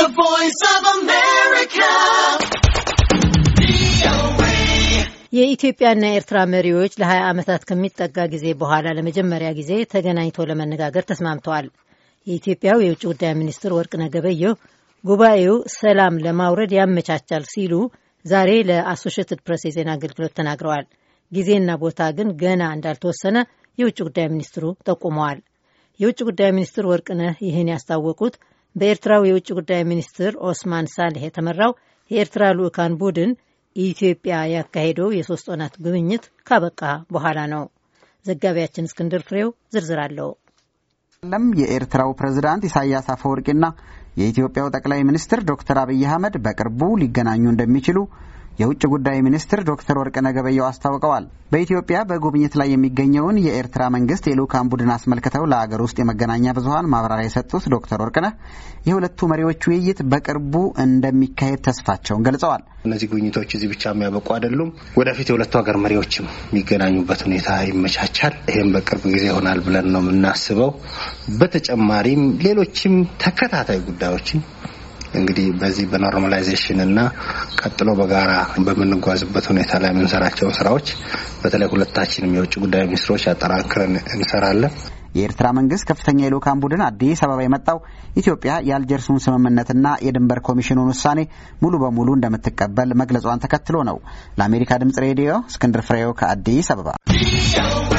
The Voice of America. የኢትዮጵያና የኤርትራ መሪዎች ለ20 ዓመታት ከሚጠጋ ጊዜ በኋላ ለመጀመሪያ ጊዜ ተገናኝተው ለመነጋገር ተስማምተዋል። የኢትዮጵያው የውጭ ጉዳይ ሚኒስትር ወርቅነህ ገበየሁ ጉባኤው ሰላም ለማውረድ ያመቻቻል ሲሉ ዛሬ ለአሶሽትድ ፕሬስ የዜና አገልግሎት ተናግረዋል። ጊዜና ቦታ ግን ገና እንዳልተወሰነ የውጭ ጉዳይ ሚኒስትሩ ጠቁመዋል። የውጭ ጉዳይ ሚኒስትር ወርቅነህ ይህን ያስታወቁት በኤርትራው የውጭ ጉዳይ ሚኒስትር ኦስማን ሳልህ የተመራው የኤርትራ ልዑካን ቡድን ኢትዮጵያ ያካሄደው የሶስት ወናት ጉብኝት ካበቃ በኋላ ነው። ዘጋቢያችን እስክንድር ፍሬው ዝርዝር አለው። ለም የኤርትራው ፕሬዝዳንት ኢሳያስ አፈወርቂና የኢትዮጵያው ጠቅላይ ሚኒስትር ዶክተር አብይ አህመድ በቅርቡ ሊገናኙ እንደሚችሉ የውጭ ጉዳይ ሚኒስትር ዶክተር ወርቅነህ ገበየሁ አስታውቀዋል። በኢትዮጵያ በጉብኝት ላይ የሚገኘውን የኤርትራ መንግስት የልኡካን ቡድን አስመልክተው ለአገር ውስጥ የመገናኛ ብዙሀን ማብራሪያ የሰጡት ዶክተር ወርቅነህ የሁለቱ መሪዎች ውይይት በቅርቡ እንደሚካሄድ ተስፋቸውን ገልጸዋል። እነዚህ ጉብኝቶች እዚህ ብቻ የሚያበቁ አይደሉም። ወደፊት የሁለቱ ሀገር መሪዎችም የሚገናኙበት ሁኔታ ይመቻቻል። ይህም በቅርብ ጊዜ ይሆናል ብለን ነው የምናስበው። በተጨማሪም ሌሎችም ተከታታይ ጉዳዮችን እንግዲህ በዚህ በኖርማላይዜሽን እና ቀጥሎ በጋራ በምንጓዝበት ሁኔታ ላይ የምንሰራቸው ስራዎች በተለይ ሁለታችንም የውጭ ጉዳይ ሚኒስትሮች አጠራክረን እንሰራለን። የኤርትራ መንግስት ከፍተኛ የልኡካን ቡድን አዲስ አበባ የመጣው ኢትዮጵያ የአልጀርሱን ስምምነትና የድንበር ኮሚሽኑን ውሳኔ ሙሉ በሙሉ እንደምትቀበል መግለጿን ተከትሎ ነው። ለአሜሪካ ድምጽ ሬዲዮ እስክንድር ፍሬው ከአዲስ አበባ